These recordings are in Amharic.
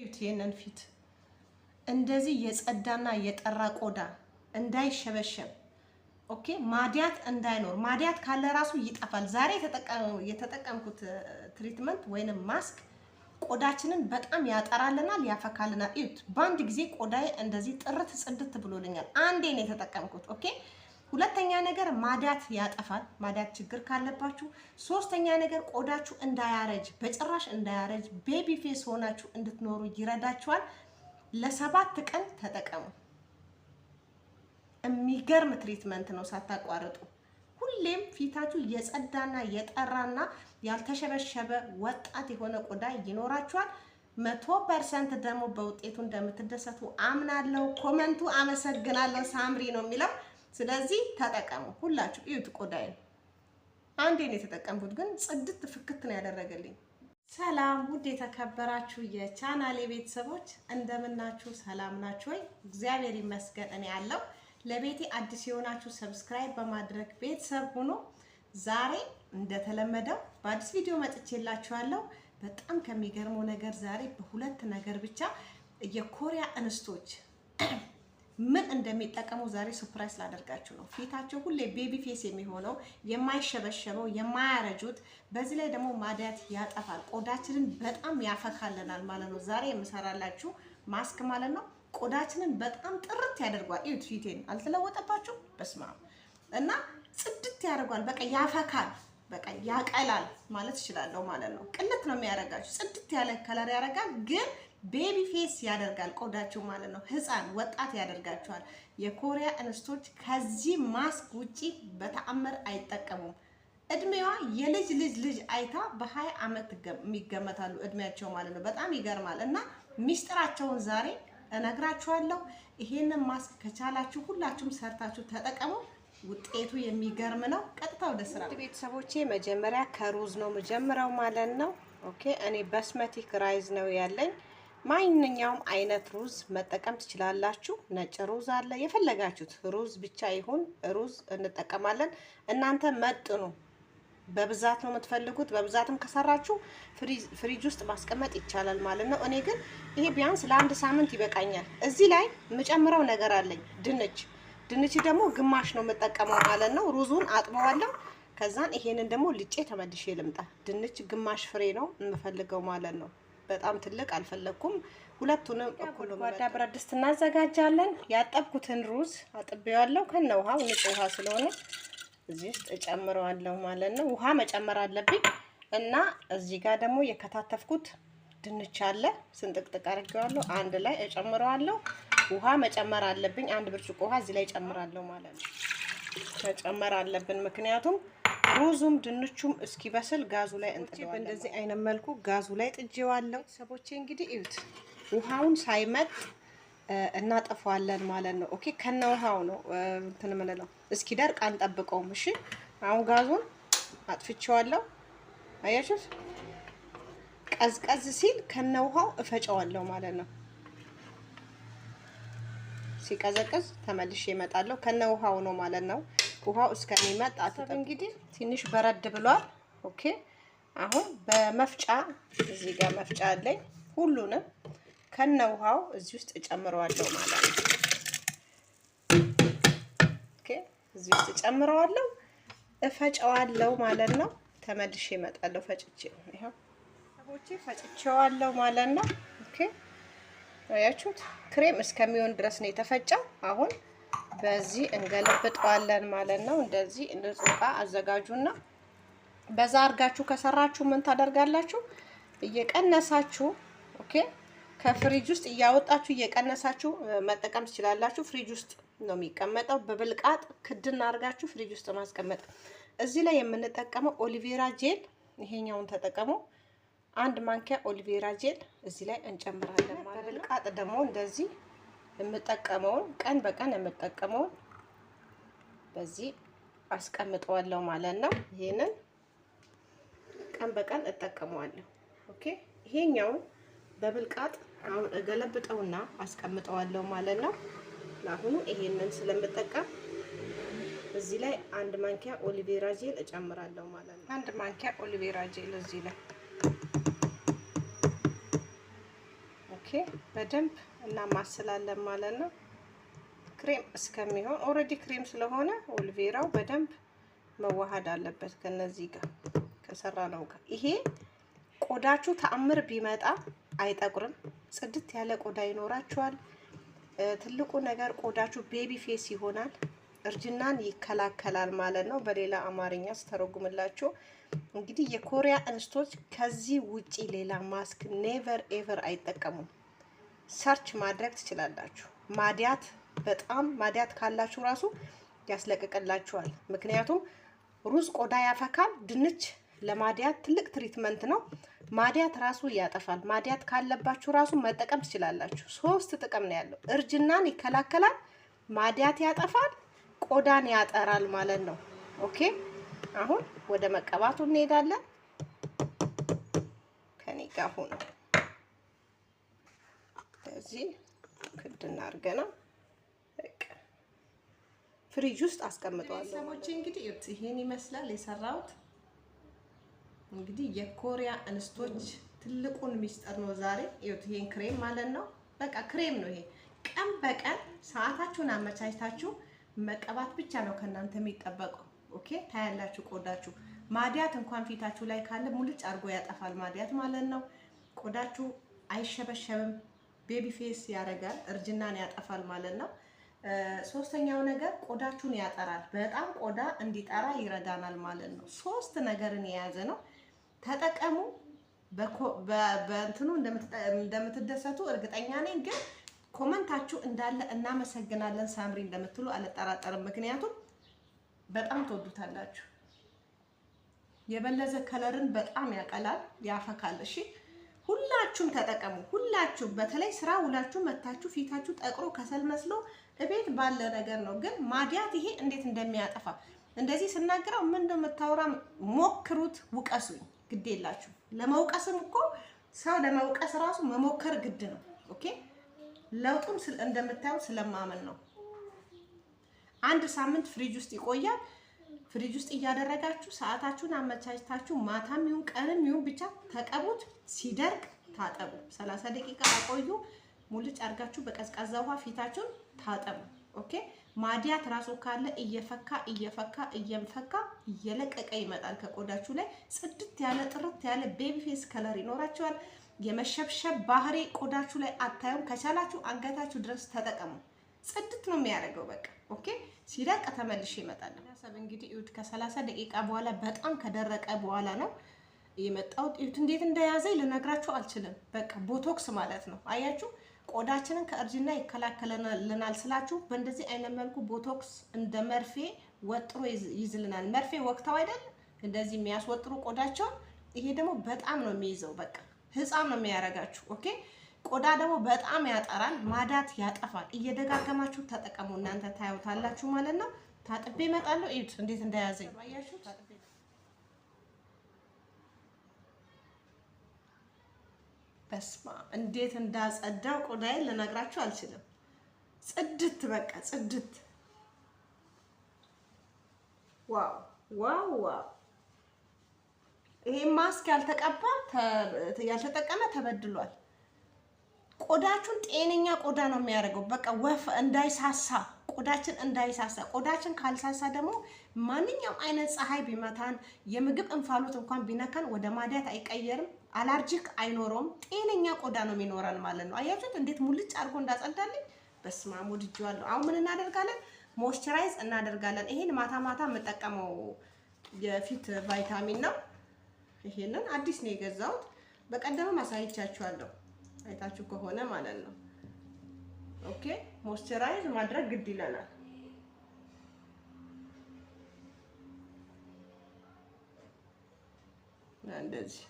ይህንን ፊት እንደዚህ የጸዳና የጠራ ቆዳ እንዳይሸበሸብ ኦኬ፣ ማዲያት እንዳይኖር። ማዲያት ካለ ራሱ ይጠፋል። ዛሬ የተጠቀምኩት ትሪትመንት ወይንም ማስክ ቆዳችንን በጣም ያጠራልናል፣ ያፈካልናል። እዩት፣ በአንድ ጊዜ ቆዳዬ እንደዚህ ጥርት ጽድት ብሎልኛል። አንዴ ነው የተጠቀምኩት። ኦኬ ሁለተኛ ነገር ማዳት ያጠፋል፣ ማዳት ችግር ካለባችሁ። ሶስተኛ ነገር ቆዳችሁ እንዳያረጅ በጭራሽ እንዳያረጅ ቤቢ ፌስ ሆናችሁ እንድትኖሩ ይረዳችኋል። ለሰባት ቀን ተጠቀሙ። የሚገርም ትሪትመንት ነው ሳታቋርጡ። ሁሌም ፊታችሁ የጸዳና የጠራና ያልተሸበሸበ ወጣት የሆነ ቆዳ ይኖራችኋል። መቶ ፐርሰንት ደግሞ በውጤቱ እንደምትደሰቱ አምናለሁ። ኮመንቱ አመሰግናለሁ ሳምሪ ነው የሚለው ስለዚህ ተጠቀሙ። ሁላችሁ እዩት። ቆዳዬን አንዴ ነው የተጠቀምኩት፣ ግን ጽድት ፍክት ነው ያደረገልኝ። ሰላም ውድ የተከበራችሁ የቻናሌ ቤተሰቦች እንደምናችሁ፣ ሰላም ናችሁ ወይ? እግዚአብሔር ይመስገን እኔ ያለው። ለቤቴ አዲስ የሆናችሁ ሰብስክራይብ በማድረግ ቤተሰብ ሁኑ። ዛሬ እንደተለመደው በአዲስ ቪዲዮ መጥቼላችኋለሁ። በጣም ከሚገርመው ነገር ዛሬ በሁለት ነገር ብቻ የኮሪያ እንስቶች ምን እንደሚጠቀሙ ዛሬ ሰርፕራይዝ ላደርጋችሁ ነው። ፊታቸው ሁሌ ቤቢ ፌስ የሚሆነው የማይሸበሸበው የማያረጁት፣ በዚህ ላይ ደግሞ ማዳት ያጠፋል፣ ቆዳችንን በጣም ያፈካልናል ማለት ነው። ዛሬ የምሰራላችሁ ማስክ ማለት ነው። ቆዳችንን በጣም ጥርት ያደርጓል። ይሁት ፊቴን አልተለወጠባችሁ? በስማ እና ጽድት ያደርጓል። በቃ ያፈካል፣ በቃ ያቀላል ማለት እችላለሁ ማለት ነው። ቅልት ነው የሚያደርጋችሁ፣ ጽድት ያለ ከለር ያደርጋል ግን ቤቢ ፌስ ያደርጋል ቆዳችሁ ማለት ነው። ህፃን ወጣት ያደርጋችኋል። የኮሪያ እንስቶች ከዚህ ማስክ ውጪ በተአምር አይጠቀሙም። እድሜዋ የልጅ ልጅ ልጅ አይታ በሀያ ዓመት የሚገመታሉ እድሜያቸው ማለት ነው። በጣም ይገርማል። እና ሚስጥራቸውን ዛሬ እነግራችኋለሁ። ይሄንን ማስክ ከቻላችሁ ሁላችሁም ሰርታችሁ ተጠቀሙ። ውጤቱ የሚገርም ነው። ቀጥታ ወደ ስራ ቤተሰቦቼ። መጀመሪያ ከሩዝ ነው መጀመሪያው ማለት ነው። ኦኬ እኔ ባስመቲክ ራይዝ ነው ያለኝ ማንኛውም አይነት ሩዝ መጠቀም ትችላላችሁ። ነጭ ሩዝ አለ፣ የፈለጋችሁት ሩዝ ብቻ ይሁን ሩዝ እንጠቀማለን። እናንተ መጥኑ። በብዛት ነው የምትፈልጉት። በብዛትም ከሰራችሁ ፍሪጅ ውስጥ ማስቀመጥ ይቻላል ማለት ነው። እኔ ግን ይሄ ቢያንስ ለአንድ ሳምንት ይበቃኛል። እዚህ ላይ የምጨምረው ነገር አለኝ፣ ድንች። ድንች ደግሞ ግማሽ ነው የምጠቀመው ማለት ነው። ሩዙን አጥበዋለሁ። ከዛን ይሄንን ደግሞ ልጬ ተመልሼ ልምጣ። ድንች ግማሽ ፍሬ ነው የምፈልገው ማለት ነው። በጣም ትልቅ አልፈለግኩም። ሁለቱንም እኩል ጓዳ ብረት ድስት እናዘጋጃለን። ያጠብኩትን ሩዝ አጥቤዋለሁ ከነ ውሃው፣ ንጹህ ውሃ ስለሆነ እዚህ ውስጥ እጨምረዋለሁ ማለት ነው። ውሃ መጨመር አለብኝ እና እዚህ ጋር ደግሞ የከታተፍኩት ድንች አለ፣ ስንጥቅጥቅ አድርጌዋለሁ። አንድ ላይ እጨምረዋለሁ። ውሃ መጨመር አለብኝ። አንድ ብርጭቆ ውሃ እዚህ ላይ እጨምራለሁ ማለት ነው። መጨመር አለብን ምክንያቱም ሩዙም ድንቹም እስኪበስል ጋዙ ላይ እንጥደዋለን። በእንደዚህ አይነት መልኩ ጋዙ ላይ ጥጄዋለሁ። ሰቦቼ እንግዲህ እዩት፣ ውሃውን ሳይመጥ እናጠፋዋለን ማለት ነው። ኦኬ፣ ከነ ውሃው ነው እንትን የምንለው። ደርቅ አንጠብቀውም። እሺ፣ አሁን ጋዙን አጥፍቼዋለሁ። አያችሁት? ቀዝቀዝ ሲል ከነ ውሃው እፈጨዋለሁ ማለት ነው። ሲቀዘቅዝ ተመልሼ እመጣለሁ። ከነ ውሃው ነው ማለት ነው። ውሃው እስከሚመጣ እንግዲህ ትንሽ በረድ ብሏል። ኦኬ አሁን በመፍጫ እዚህ ጋር መፍጫ አለኝ። ሁሉንም ከነ ውሃው እዚህ ውስጥ እጨምረዋለሁ ማለት ነው። ኦኬ እዚህ ውስጥ እጨምረዋለሁ፣ እፈጨዋለሁ ማለት ነው። ተመልሼ እመጣለሁ። ፈጭቼ ይኸው ቦቼ ፈጭቼዋለሁ ማለት ነው። ኦኬ አያችሁት? ክሬም እስከሚሆን ድረስ ነው የተፈጨው አሁን በዚህ እንገለብጠዋለን ማለት ነው። እንደዚህ ንጹህ አዘጋጁና በዛ አድርጋችሁ ከሰራችሁ ምን ታደርጋላችሁ? እየቀነሳችሁ ኦኬ፣ ከፍሪጅ ውስጥ እያወጣችሁ እየቀነሳችሁ መጠቀም ትችላላችሁ። ፍሪጅ ውስጥ ነው የሚቀመጠው። በብልቃጥ ክድ አድርጋችሁ ፍሪጅ ውስጥ ማስቀመጥ። እዚህ ላይ የምንጠቀመው ኦሊቬራ ጄል፣ ይሄኛውን ተጠቀሙ። አንድ ማንኪያ ኦሊቬራ ጄል እዚህ ላይ እንጨምራለን። በብልቃጥ ደግሞ እንደዚህ የምጠቀመውን ቀን በቀን የምጠቀመውን በዚህ አስቀምጠዋለሁ ማለት ነው። ይሄንን ቀን በቀን እጠቀመዋለሁ። ኦኬ ይሄኛውን በብልቃጥ አሁን እገለብጠውና አስቀምጠዋለሁ ማለት ነው። ለአሁኑ ይሄንን ስለምጠቀም እዚህ ላይ አንድ ማንኪያ ኦሊቬራ ጄል እጨምራለሁ ማለት ነው። አንድ ማንኪያ ኦሊቬራ ጄል እዚህ ላይ ኦኬ፣ በደንብ እናማስላለን ማለት ነው። ክሬም እስከሚሆን ኦልሬዲ ክሬም ስለሆነ ኦልቬራው በደንብ መዋሃድ አለበት ከነዚህ ጋር ከሰራ ነው ጋር ይሄ ቆዳችሁ ተአምር ቢመጣ አይጠቁርም። ጽድት ያለ ቆዳ ይኖራችኋል። ትልቁ ነገር ቆዳችሁ ቤቢ ፌስ ይሆናል። እርጅናን ይከላከላል ማለት ነው። በሌላ አማርኛ ስተረጉምላችሁ እንግዲህ የኮሪያ እንስቶች ከዚህ ውጪ ሌላ ማስክ ኔቨር ኤቨር አይጠቀሙም። ሰርች ማድረግ ትችላላችሁ። ማዲያት በጣም ማዲያት ካላችሁ ራሱ ያስለቅቅላችኋል። ምክንያቱም ሩዝ ቆዳ ያፈካል። ድንች ለማዲያት ትልቅ ትሪትመንት ነው። ማዲያት ራሱ ያጠፋል። ማዲያት ካለባችሁ ራሱ መጠቀም ትችላላችሁ። ሶስት ጥቅም ነው ያለው። እርጅናን ይከላከላል፣ ማዲያት ያጠፋል፣ ቆዳን ያጠራል ማለት ነው። ኦኬ አሁን ወደ መቀባቱ እንሄዳለን። ከኔ ጋር ሁኑ። እንደዚህ ክድ እናድርገናል። ፍሪጅ ውስጥ አስቀምጠዋለሁ። ሰሞቼ እንግዲህ ይሄን ይመስላል የሰራሁት። እንግዲህ የኮሪያ እንስቶች ትልቁን ሚስጥር ነው ዛሬ ይሁት። ይሄን ክሬም ማለት ነው። በቃ ክሬም ነው ይሄ። ቀን በቀን ሰዓታችሁን አመቻችታችሁ መቀባት ብቻ ነው ከእናንተ የሚጠበቀው። ኦኬ ታያላችሁ፣ ቆዳችሁ ማዲያት እንኳን ፊታችሁ ላይ ካለ ሙልጭ አድርጎ ያጠፋል። ማዲያት ማለት ነው። ቆዳችሁ አይሸበሸብም። ቤቢ ፌስ ያደርጋል፣ እርጅናን ያጠፋል ማለት ነው። ሶስተኛው ነገር ቆዳችሁን ያጠራል። በጣም ቆዳ እንዲጠራ ይረዳናል ማለት ነው። ሶስት ነገርን የያዘ ነው። ተጠቀሙ። በእንትኑ እንደምትደሰቱ እርግጠኛ ነኝ። ግን ኮመንታችሁ እንዳለ እናመሰግናለን ሳምሪ እንደምትሉ አልጠራጠርም። ምክንያቱም በጣም ትወዱታላችሁ። የበለዘ ከለርን በጣም ያቀላል፣ ያፈካል። እሺ ሁላችሁም ተጠቀሙ። ሁላችሁም በተለይ ስራ ውላችሁ መታችሁ ፊታችሁ ጠቅሮ ከሰል መስሎ እቤት ባለ ነገር ነው። ግን ማዲያት ይሄ እንዴት እንደሚያጠፋ እንደዚህ ስናገረው ምን እንደምታወራ ሞክሩት፣ ውቀሱኝ፣ ግድ የላችሁ። ለመውቀስም እኮ ሰው ለመውቀስ ራሱ መሞከር ግድ ነው። ኦኬ ለውጡም እንደምታየው ስለማመን ነው። አንድ ሳምንት ፍሪጅ ውስጥ ይቆያል። ፍሪጅ ውስጥ እያደረጋችሁ ሰዓታችሁን አመቻችታችሁ ማታም ይሁን ቀንም ይሁን ብቻ ተቀቡት። ሲደርቅ ታጠቡ። 30 ደቂቃ አቆዩ። ሙልጭ አድርጋችሁ በቀዝቃዛ ውሃ ፊታችሁን ታጠቡ። ኦኬ። ማዲያት ራሱ ካለ እየፈካ እየፈካ እየፈካ እየለቀቀ ይመጣል ከቆዳችሁ ላይ። ጽድት ያለ ጥርት ያለ ቤቢ ፌስ ከለር ይኖራቸዋል። የመሸብሸብ ባህሪ ቆዳችሁ ላይ አታዩም። ከቻላችሁ አንገታችሁ ድረስ ተጠቀሙ። ጽድት ነው የሚያደርገው። በቃ ኦኬ። ሲደርቅ ተመልሼ እመጣለሁ። ሰብ እንግዲህ እዩት፣ ከሰላሳ ደቂቃ በኋላ በጣም ከደረቀ በኋላ ነው የመጣሁት። እዩት እንዴት እንደያዘኝ ልነግራችሁ አልችልም። በቃ ቦቶክስ ማለት ነው። አያችሁ ቆዳችንን ከእርጅና ይከላከለልናል ስላችሁ በእንደዚህ አይነት መልኩ ቦቶክስ እንደ መርፌ ወጥሮ ይዝልናል። መርፌ ወቅተው አይደል እንደዚህ የሚያስወጥሩ ቆዳቸውን። ይሄ ደግሞ በጣም ነው የሚይዘው። በቃ ህፃን ነው የሚያረጋችሁ። ኦኬ ቆዳ ደግሞ በጣም ያጠራል፣ ማዳት ያጠፋል። እየደጋገማችሁ ተጠቀሙ። እናንተ ታዩታላችሁ ማለት ነው። ታጥቤ እመጣለሁ። እዩት እንዴት እንደያዘኝ በስማ እንዴት እንዳጸዳው ቆዳዬን ልነግራችሁ አልችልም። ጽድት በቃ ጽድት። ዋው ዋው ዋው! ይሄ ማስክ ያልተቀባ ያልተጠቀመ ተበድሏል። ቆዳችሁን ጤነኛ ቆዳ ነው የሚያደርገው። በቃ ወፍ እንዳይሳሳ ቆዳችን እንዳይሳሳ። ቆዳችን ካልሳሳ ደግሞ ማንኛውም አይነት ፀሐይ ቢመታን የምግብ እንፋሎት እንኳን ቢነካን ወደ ማዲያት አይቀየርም። አላርጂክ አይኖረውም። ጤነኛ ቆዳ ነው የሚኖረን ማለት ነው። አያችሁት እንዴት ሙልጭ አድርጎ እንዳጸዳልኝ። በስመ አብ ወድጄዋለሁ። አሁን ምን እናደርጋለን? ሞይስቸራይዝ እናደርጋለን። ይሄን ማታ ማታ የምጠቀመው የፊት ቫይታሚን ነው። ይሄንን አዲስ ነው የገዛሁት። በቀደምም አሳይቻችኋለሁ። አይታችሁ ከሆነ ማለት ነው። ኦኬ ሞይስቸራይዝ ማድረግ ግድ ይለናል። እንደዚህ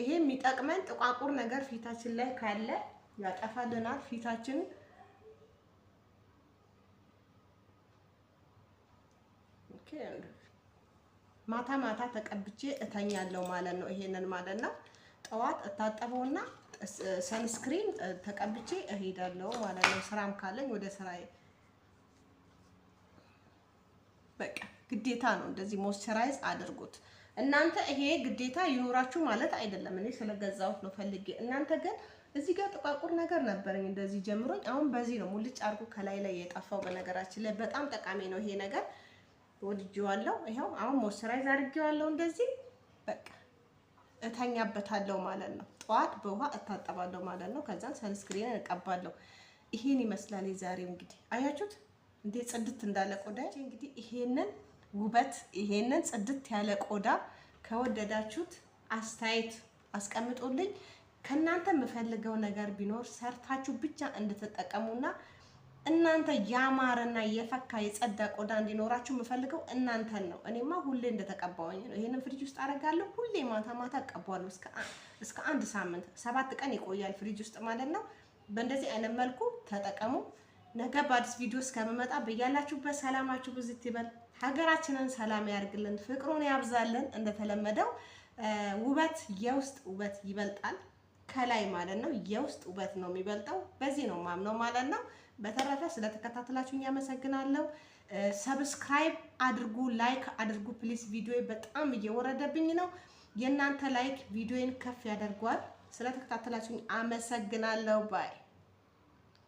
ይሄ የሚጠቅመን ጥቋቁር ነገር ፊታችን ላይ ካለ ያጠፋልናል ፊታችን ማታ ማታ ተቀብቼ እተኛለሁ ማለት ነው። ይሄንን ማለት ነው ጠዋት እታጠበውና ሰንስክሪን ተቀብቼ እሄዳለሁ ማለት ነው። ስራም ካለኝ ወደ ስራ በቃ ግዴታ ነው። እንደዚህ ሞይስቸራይዝ አድርጉት። እናንተ ይሄ ግዴታ ይኖራችሁ ማለት አይደለም። እኔ ስለገዛሁት ነው ፈልጌ። እናንተ ግን እዚህ ጋር ጥቋቁር ነገር ነበረኝ እንደዚህ ጀምሮኝ፣ አሁን በዚህ ነው ሙልጭ አድርጎ ከላይ ላይ የጠፋው። በነገራችን ላይ በጣም ጠቃሚ ነው ይሄ ነገር፣ ወድጄዋለሁ። ይኸው አሁን ሞይስቸራይዝ አድርጌዋለሁ። እንደዚህ በቃ እተኛበታለሁ ማለት ነው። ጠዋት በውሃ እታጠባለሁ ማለት ነው። ከዛን ሰንስክሪን እቀባለሁ። ይሄን ይመስላል የዛሬው እንግዲህ አያችሁት እንዴ ጽድት እንዳለ ቆዳ። እንግዲህ ይሄንን ውበት ይሄንን ጽድት ያለ ቆዳ ከወደዳችሁት አስተያየት አስቀምጡልኝ። ከእናንተ የምፈልገው ነገር ቢኖር ሰርታችሁ ብቻ እንድትጠቀሙና እናንተ ያማረና የፈካ የጸዳ ቆዳ እንዲኖራችሁ የምፈልገው እናንተን ነው። እኔማ ሁሌ እንደተቀባውኝ ነው። ይሄንን ፍሪጅ ውስጥ አደርጋለሁ። ሁሌ ማታ ማታ እቀባዋለሁ። እስከ አንድ ሳምንት ሰባት ቀን ይቆያል ፍሪጅ ውስጥ ማለት ነው። በእንደዚህ አይነት መልኩ ተጠቀሙ። ነገ በአዲስ ቪዲዮ እስከምመጣ በያላችሁበት ሰላማችሁ ብዙ ይበል። ሀገራችንን ሰላም ያርግልን፣ ፍቅሩን ያብዛልን። እንደተለመደው ውበት የውስጥ ውበት ይበልጣል ከላይ ማለት ነው። የውስጥ ውበት ነው የሚበልጠው። በዚህ ነው ማምነው ማለት ነው። በተረፈ ስለተከታተላችሁ አመሰግናለሁ። ሰብስክራይብ አድርጉ፣ ላይክ አድርጉ ፕሊስ። ቪዲዮ በጣም እየወረደብኝ ነው። የእናንተ ላይክ ቪዲዮን ከፍ ያደርጓል። ስለተከታተላችሁ አመሰግናለሁ ባይ